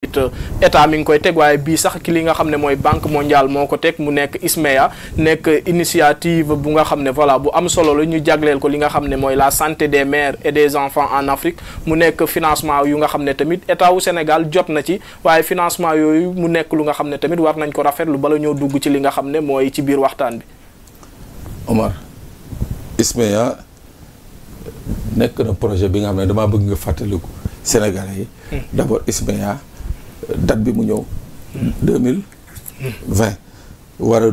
it uh, état mi ngi koy teg waaye bii sax ki li nga xam ne mooy banque mondiale moo ko teg mu nekk ISMEA nekk initiative bu nga xam ne voilà bu am solo la ñu jagleel ko li nga xam ne mooy la santé des mères et des enfants en Afrique mu nekk financement yu nga xam ne tamit état wu Sénégal jot na ci waaye financement yooyu mu nekk lu nga xam ne tamit war nañ ko rafetlu bala ñoo dugg ci li nga xam ne mooy ci biir waxtaan bi. Omar ISMEA projet bi nga xam ne damaa bëgg nga fàttaliku Sénégalais yi. Hmm. date bi mu ñëw. deux mille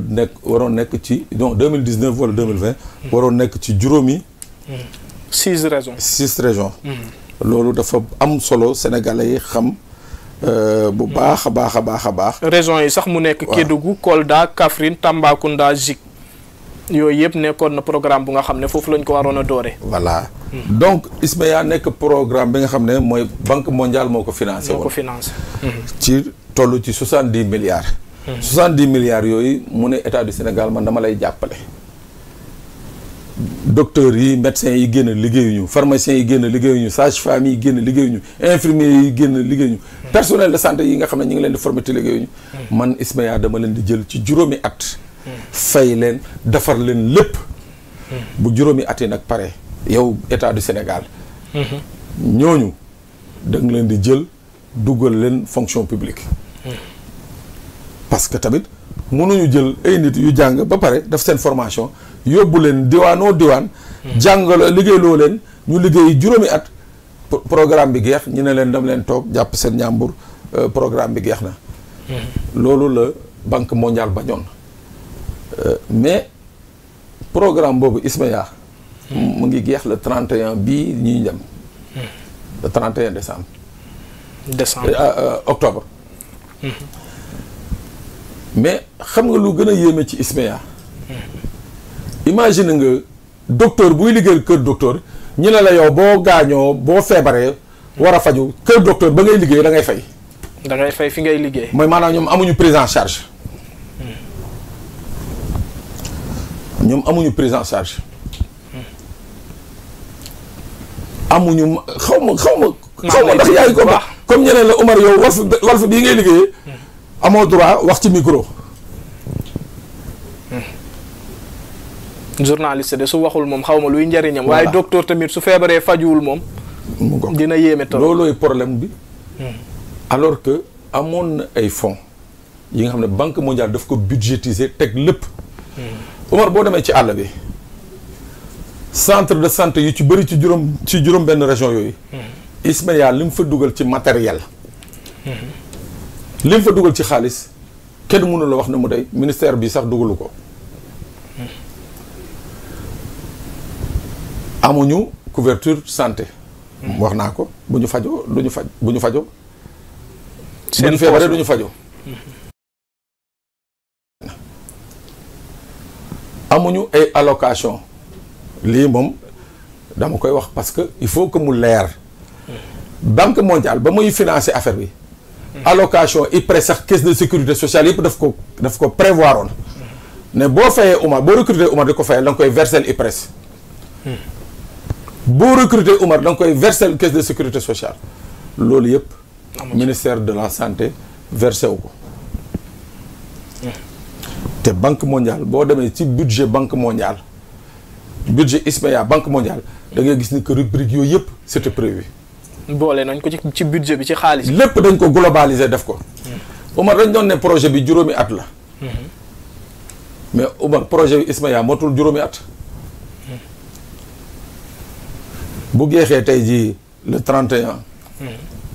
nekk waroon nekk ci donc deux mille dix neuf wala deux waroon nekk ci juróomi. six régions six régions. loolu dafa am solo sénégalais yi xam. Euh, bu baax a baax a baax a baax. régions yi sax mu nekk. Kédougou Kolda Kaffrine Tambacounda Zik. yooyu yëpp nekkoon na programme bu nga xam ne foofu lañ ko waroon a doore. voilà hmm. donc ISMEA nekk programme bi nga xam ne mooy banque mondiale moo ko financé. moo ko hmm. ci toll ci soixante dix milliards. Hmm. soixante dix milliards yooyu mu ne état du Sénégal man dama lay jàppale. docteurs yi médecins yi génn liggéeyuñu pharmaciens yi génn liggéeyuñu sages-femmes yi génn liggéeyuñu infirmiers yi génn liggéeyuñu. personnel de santé yi nga xam ne ñu ngi leen di former man ISMEA dama leen di jël ci juróomi at. fay leen defar leen lépp bu juróomi at yi nag pare yow état du Sénégal ñooñu da leen di jël duggal leen fonction publique parce que tamit mënuñu jël ay nit yu jàng ba pare def seen formation yóbbu leen diwaanoo diwaan jàngal liggéeyloo leen ñu liggéey juróomi at programme bi geex ñu ne leen dam leen toog jàpp seen ñaambur euh, programme bi geex na hmm. loolu la banque mondiale bañoon Euh, mais programme boobu ISMEA. mu ngi jeex le 31 bii ñuy dem. le 31 décembre. décembre euh, euh, octobre. Mm-hmm. mais xam nga lu gën a yéeme ci ISMEA. imagine nga docteur buy liggéeyal kër docteur ñu ne la yow boo gaañoo boo feebaree war a faju kër docteur ba ngay liggéey da ngay fay. da ngay fay fi ngay liggéey. mooy maanaam ñoom amuñu prise charge. ñoom amuñu prise en charge amuñu xaw ma xaw ma ndax yaay ko ba comme ñeneen la Omar yow Walf Walf bii ngay liggéeyee hmm. amoo droit wax ci micro hmm. journaliste de su waxul moom xaw ma luy njariñam waaye docteur tamit su feebaree fajuwul moom dina yéeme tam loolooy problème bi hmm. alors que amoon na ay fonds yi nga xam ne banque mondiale daf ko budgétiser teg lépp Omar boo demee ci àll bi centre de santé yu ci bëri ci juróom ci juróom benn région yooyu. Hmm. Ismaïla li mu fa dugal ci matériel. Hmm. li fa dugal ci xaalis kenn mënula wax ne mu dey ministère bi sax dugalu ko. Hmm. amuñu couverture santé. wax naa ko bu ñu fajoo duñu faj bu ñu fajoo. seen bu ñu feebaree fajoo. amuñu ay allocation lii moom dama koy wax parce que il faut que mu leer banque mondiale ba muy financer affaire bi allocation IPRES sax caisse de sécurité sociale yëpp daf ko daf ko prévoir oon ne boo fayee Umar boo recruter Umar di ko fayal da nga koy verser IPRES boo recruter Umar da nga koy verser caisse de sécurité sociale loolu yëpp ministère de la santé versé wu ko te banque mondiale boo demee ci budget banque mondiale budget ISMEA banque mondiale da ngay gis ni que rubrique yooyu yëpp c'était prévu. boole nañ ko ci ci budget bi ci xaalis. lépp dañ ko globaliser def ko. Hmm. Omar dañ doon ne projet bi juróomi at la. Hmm. mais Omar projet bi ISMEA motul juróomi at. Hmm. bu geexee tey jii le 31.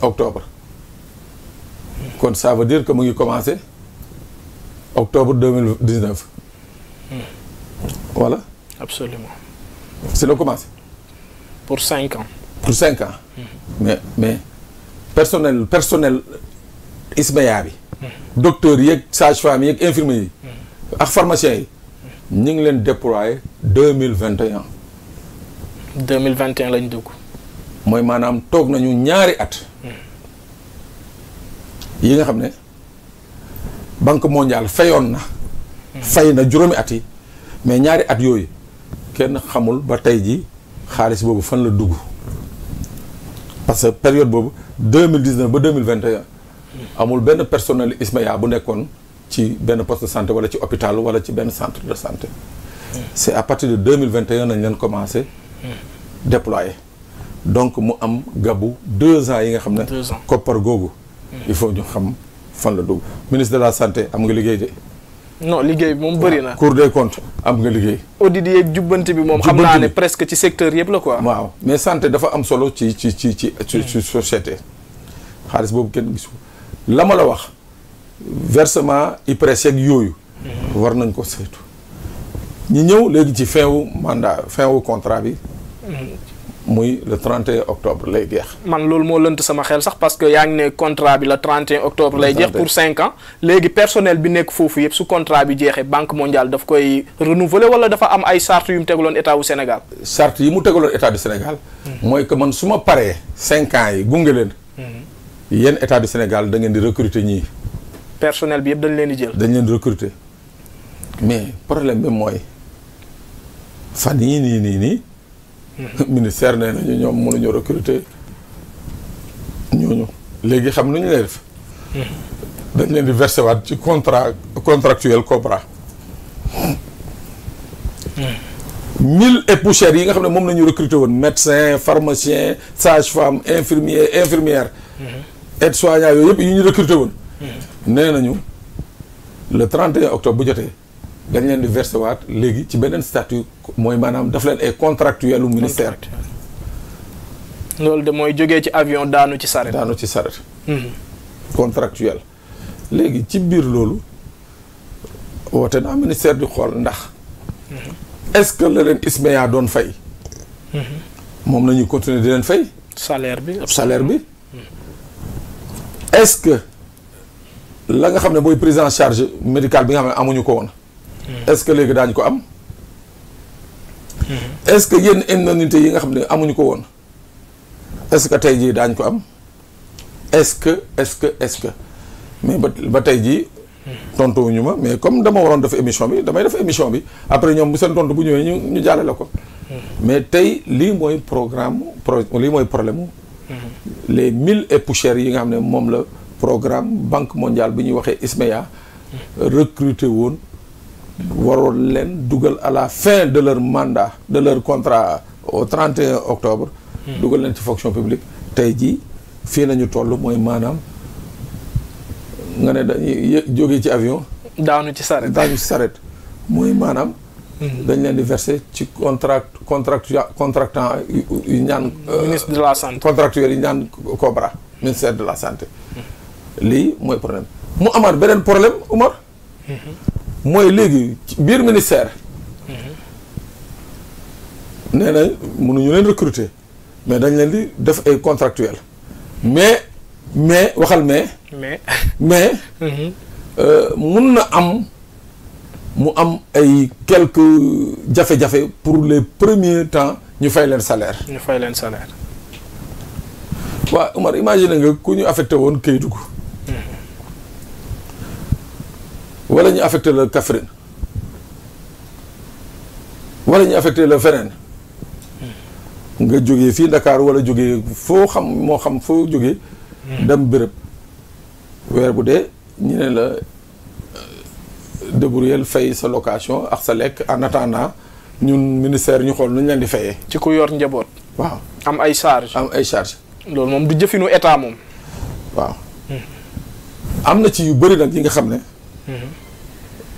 octobre. kon ça veut mu ngi commencer. octobre deux mille dix neuf. voilà. absolument. si la commencé. pour cinq ans. pour cinq ans. mais mais personnel personnel ISMEA bi. docteurs yeeg sages-femmes yeeg infirmiers yi. ak pharmaciens yi. ñu ngi leen déployer deux mille vingt et un. deux mille vingt et un lañ dugg. mooy maanaam toog nañu ñaari at. Hmm. yi nga xam ne. banque mondiale fayoon na. fay na juróomi at yi mais ñaari at yooyu kenn xamul ba tey ji xaalis boobu fan la dugg parce que période boobu deux mille dix neuf ba deux mille vingt et un amul benn personnel ISMAIA bu nekkoon ci benn poste de santé wala ci hôpital wala ci benn centre de santé. c' à partir de deux mille vingt et nañ leen commencé. déployer donc mu am gabu deux ans yi nga xam ne. deux ans koppar googu. il faut ñu xam. fan la dugg ministre de la santé am nga liggéey de. non liggéey bi moom bëri na. Ah, cour de comptes am nga liggéey. audit yeeg jubbante bi moom. xam naa ne presque ci secteur yëpp la ko quoi. waaw mais santé dafa am solo ci ci ci ci ci hmm. société. xaalis boobu kenn gisu la ma la wax versement IPRES yeeg yooyu. Hmm. war nañ ko saytu. ñi ñëw léegi ci fin wu mandat fin wu contrat bi. Hmm. muy le 31 octobre lay jeex. man loolu moo lënt sama xel sax parce que yaa ngi ne contrat bi le 31 octobre lay jeex pour 5 ans léegi personnel bi nekk foofu yëpp su contrat bi jeexee banque mondiale daf koy renouveler wala dafa am ay charte yu mu tegaloon état wu Sénégal. charte yi mu tegaloon état du Sénégal. Hmm. mooy que man su ma paree 5 ans yi gunge leen. Hmm. yéen état du Sénégal da ngeen di recruter ñii. personnel bi yëpp dañ leen di jël. dañ leen di recruter mais problème bi mooy fan yii nii nii. ministère nee nañu ñoom mënuñu recruter ñooñu léegi xam nu ñu lay def. Mm-hmm. dañ leen di versé waat ci contra contractuel Cobra. Mm-hmm. mille et poussières yi nga xam ne moom la ñu recruter woon médecin pharmacien sage femme infirmier infirmière. Mm-hmm. aide soignant yooyu yëpp yi ñu recruter woon. nee nañu le 31 octobre bu jotee. dañ leen di versé waat léegi ci beneen statut mooy maanaam daf leen ay contractuel u ministère loolu de mooy jógee ci avion daanu ci saret daanu ci saret mhm. contractuel léegi ci biir loolu woote naa ministère di xool ndax mhm. est-ce que la leen ISMEA doon fay mhm. moom nañu continuer di leen fay salaire bi salaire bi est-ce que la nga xam ne booy prise en charge médicale bi nga xam ne amuñu ko woon Hmm. est-ce que léegi daañu ko am. Hmm. est-ce que yenn indemnité yi nga xam ne amuñu ko woon. est-ce que tey jii daañu ko am. est-ce que est-ce que est-ce que mais ba ba tey jii. Hmm. ñu ma mais comme dama waroon def émission bi damay def émission bi après ñoom bu seen tontu bu ñëwee ñu ñu jàlle la ko. mais tey lii mooy programme pro lii mooy problème les mille et poussières yi nga xam ne moom la programme banque mondiale bi ñuy waxee ISMEA recruter woon. waroon leen dugal à la fin de leur manda de leur contrat au 31 octobre hmm. dugal leen ci fonction publique tey jii fii nañu toll mooy maanaam nga ne dañuy jógee ci avion daanu ci saret daanu ci saret mooy maanaam hmm. dañ leen di verser ci contrat contract contractant yu ñaan euh, ministre de la santé contractuel yu ñaan Cobra ministère de la santé hmm. lii mooy problème mu amaat beneen problème Omar mooy léegi biir ministère. nee na mënuñu leen recruter mais dañ leen di def ay contractuel mais mais waxal mais. mais mais. Mhm. Euh, mun na am mu am ay quelques jafe-jafe pour les premiers temps ñu fay leen salaire. ñu fay leen salaire. waaw Umar imagine nga ku ñu affecté woon Kédougou. wala ñu affecté la Kaffrine wala ñu affecté la feneen nga jógee fii ndakaaru wala jóge foo xam moo xam foo jógee dem béréb weer bu dee ñu ne la euh, débrouiller fay sa location ak sa lekk en attendant ñun ministère ñu xool nu leen di fayee. ci ku yor njaboot. waaw am ay charge am ay charge loolu moom du jëfinu état moom. waaw. Hmm. am na ci yu bëri nag yi nga xam ne. Hmm.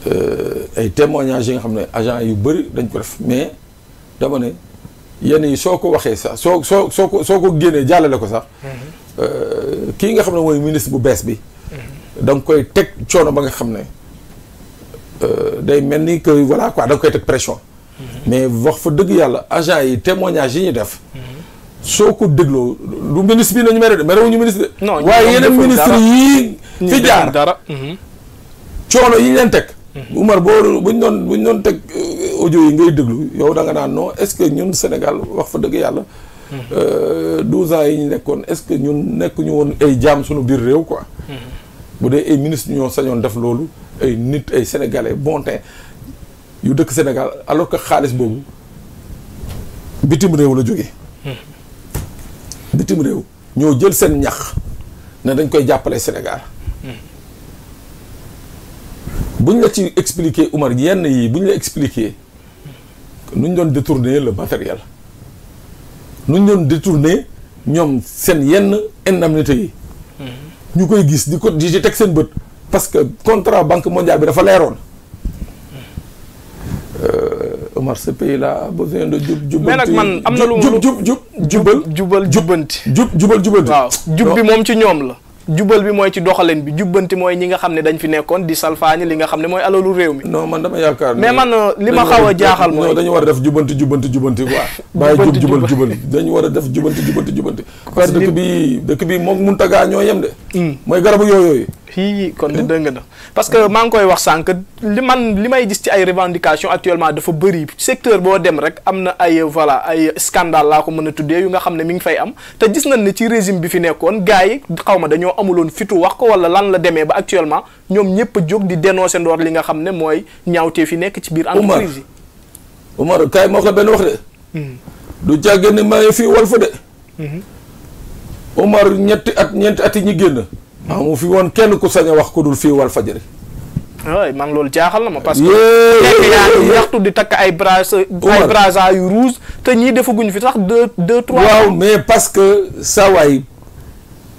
Euh, ay témoignages yi nga xam ne agent yu bëri dañ ko def mais dama ne yenn yi soo ko waxee sax soo soo soo ko soo génnee jàllale ko sax euh, kii nga xam ne mooy ministre bu bees bi mhm. da koy teg coono ba nga xam ne euh, day mel ni que voilà quoi da nga koy teg pression mhm. mais wax fa dëgg yàlla agent yi témoignages yi ñu def mhm. soo ko dégloo lu ministre bi nañu mere de ñu ministre de waaye yeneen ministre yii fi jaar coono yi ñu leen teg Mm-hmm. Umar boo buñ doon buñ doon teg ojo eh, yi ngay déglu yow da nga naan non est-ce que ñun senegal wax fa dëgg yàlla. 12 mm-hmm. euh, ans yi ñu nekkoon est-ce que ñu nekkuñu woon ay jaam suñu biir réew ko mm-hmm. bu dee ay ministres ñoo sañoon def loolu ay nit ay sénégalais bon yu dëkk senegal alors que xaalis boobu bitim réew la jóge bitim réew ñoo jël seen ñax ne dañ koy jàppale Sénégal. buñ la ci expliquer Umar yenn yi ñu la expliquer nuñ doon détourner le matériel nuñ doon détourner ñoom seen yenn indemnité yi. Mm-hmm. ñu koy gis ni ko di teg seen bët. parce que contrat banque mondiale bi dafa leeroon. Euh, Omar ce pays la a besoin de jub jub. mais nag man am na lu jub jub jub jubal. jubal jubanti jub jubal jubanti. waaw jub bi moom ci ñoom la. jubal bi mooy ci doxalin bi jubbanti mooy ñi nga xam ne dañ fi nekkoon di salfaañi li nga xam ne mooy alalu réew mi. non man dama yaakaar. mais man euh, li ma xaw a jaaxal mooy. non dañu war a def jubbanti jubbanti jubbanti quoi. bàyyi jub jubal jubal dañu war a def jubbanti jubbanti jubbanti. parce que dëkk bi dëkk bi moom Muntaga ñoo yem de. Hmm. mooy garabu yooyu. fii kon di dëng na parce que maa ngi koy wax sànq li man li may gis ci ay revendication actuellement dafa bëri secteur boo dem rek am na ay voilà ay scandale laa ko mën a tuddee yu nga xam ne mi ngi fay am te gis nañ ne ci résime bi fi nekkoon gars yi xaw ma dañoo amuloon fitu wax ko wala lan la demee ba actuellement ñoom ñëpp a jóg di dénoncer ndoor li nga xam ne mooy ñaawtee fi nekk ci biir entreprise yi Umar moo ko benn wax de hmm. du jàgg ni maa ngi fii wal fa de Umar hmm. ñetti at ñeenti at yi ñu génn amu fi woon kenn ku sañ wax ku dul fii wal fajari oui man loolu jaaxal na ma parce que nekk di takk ay bras ay yu rouge te ñii defaguñu fi sax deux mais parce que saa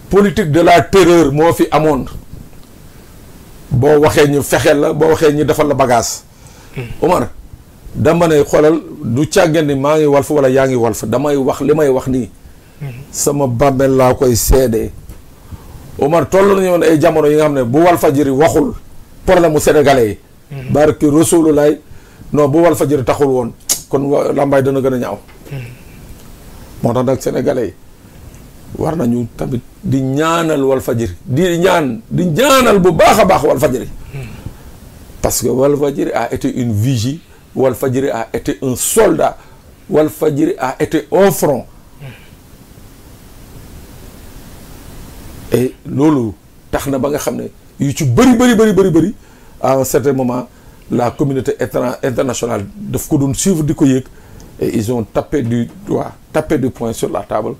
politique de la terreur moo fi amoon boo waxee ñu fexeel la boo waxee ñu defal la bagage Omar dama ne xoolal du càggeen ni maa ngi walf wala yaa ngi fa damay wax li may wax nii hmm. sama bàmmeel laa koy seedee Omar toll nañu woon ay jamono yi nga xam ne bu Walfadjri waxul problème mu sénégalais yi. Mhm. barki Rasulullaay non bu Walfadjri taxul woon kon làmbaay dana gën a ñaaw. Mhm. moo tax nag sénégalais yi war nañu tamit di ñaanal Walfadjri di ñaan di ñaanal bu baax a baax Walfadjri. Mhm. parce que Walfadjri a été une vigie Walfadjri a été un soldat Walfadjri a été un loolu tax na ba nga xam ne yu ci bëri bëri bëri bëri bëri à un certain moment la communauté internationale daf ko doon suivre di ko yëg et ils ont tapé du doigt tapé du poing sur la table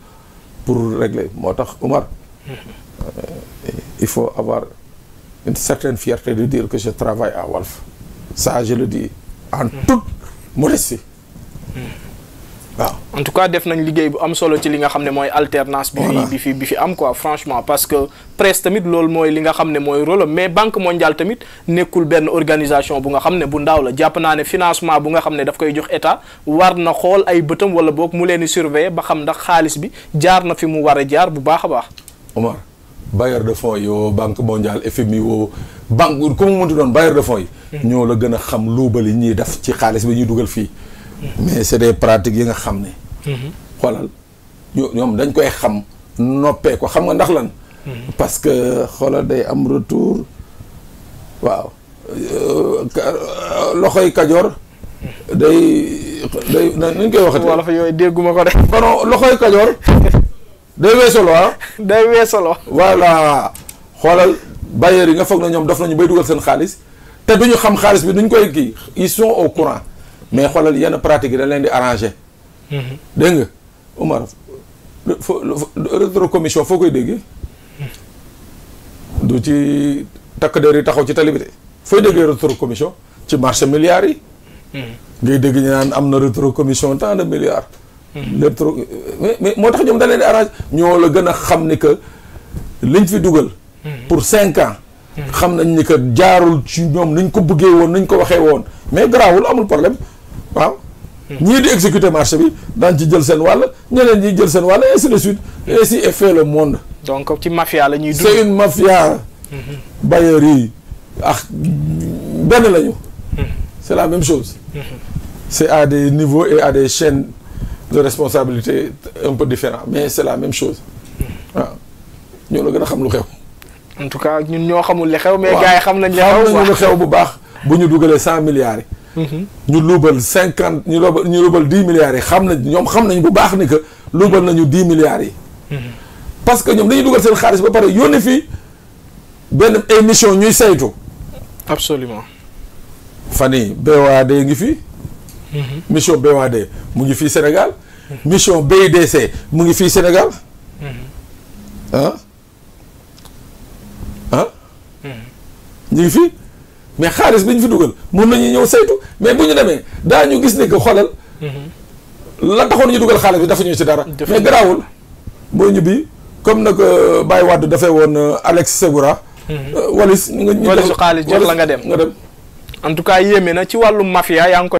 pour régler moo tax Omar euh, il faut avoir une certaine fierté de dire que je travaille à Walf ça le dis en toute modestie en tout cas def nañ liggéey bu am solo ci li nga xam ne mooy alternance bi fi bi fi bi fi am quoi franchement parce que presse tamit loolu mooy li nga xam ne mooy rôle mais banque mondiale tamit nekkul benn organisation bu nga xam ne bu ndaw la jàpp naa ne financement bu nga xam ne daf koy jox état war na xool ay bëtam wala boog mu leen di surveiller ba xam ndax xaalis bi jaar na fi mu war a jaar bu baax a baax Omar bailleur de fonds yoo banque mondiale FMI yoo banque comme mënti doon bailleur de fonds yi hmm. la gën a xam luubali ñuy def ci xaalis bi ñuy dugal fii hmm. mais des pratiques yi nga xam ne Mhm. xoolal ñoom dañ koy xam noppee ko xam nga ndax lan mhm. parce que xoolal day am retour waaw loxoy kajoor day day nañ koy waxati wala fa yooyu dégguma ko de non loxoy kajoor day weesaloo ah day weesaloo voilà xoolal bailleurs yi nga foog na ñoom daf nañu bay dugal seen xaalis te ñu xam xaalis bi duñ koy kii ils au courant mais xoolal yenn pratique yi dañ leen di arranger Mm-hmm. dégg nga Omar retro commission foo koy déggee mm-hmm. du ci takk der yi taxaw ci tali bi de fooy déggee retro commission ci marché milliards yi mm-hmm. ngay dégg ñu naan am na retro commission tant de retro moo tax ñoom da leen di arrange ñoo la gën a xam ni que liñ fi dugal pour cinq ans xam nañ ni que jaarul ci ñoom niñ ko buggee woon niñ ko waxee woon mais garaawul amul problème waaw ñii di exécuter marché bi daan ci jël seen wàll ñeneen ñi jël seen wàll et ainsi de suite et ainsi est le monde. donc ci mafia la ñuy dund. c'est une mafia. Mm-hmm. bailleurs yi ak benn lañu. Mm-hmm. c'est la même chose. Mm-hmm. c'est à des niveau et à des chaînes de responsabilité un peu différents mais c'est la même chose waaw ah. ñoo la gën a xam lu xew. en tout cas ñun ñoo xamul li xew. mais gars xam nañ li xew bu baax bu ñu dugalee cent milliards ñu luubal cinquante ñu ñu luubal dix milliards yi xam nañ ñoom xam nañ bu baax ni que luubal nañu dix milliards yi. parce que ñoom dañuy dugal seen xaalis ba pare yónni fii benn émission ñuy saytu. absolument. fan yii BOAD ngi fi. Mhm. mission BOAD mu ngi fii senegal mission BIDC mu ngi fii Sénégal. Mhm. Mhm. ah. ah. ñu ngi fii. mais xaalis bi ñu fi dugal mun nañu ñëw saytu mais bu ñu demee daañu gis ne que xoolal. la taxoon ñu dugal xaalis bi dafa ñu ci dara. mais garaawul boo ñibbi comme nag euh, Baye Wade dafay woon euh, Alex Segura. Mhm. Euh, walis nga ñu. walisu xaalis jox la nga dem nga dem. en tout cas yéeme na ci wàllu mafia yaa ngi ko.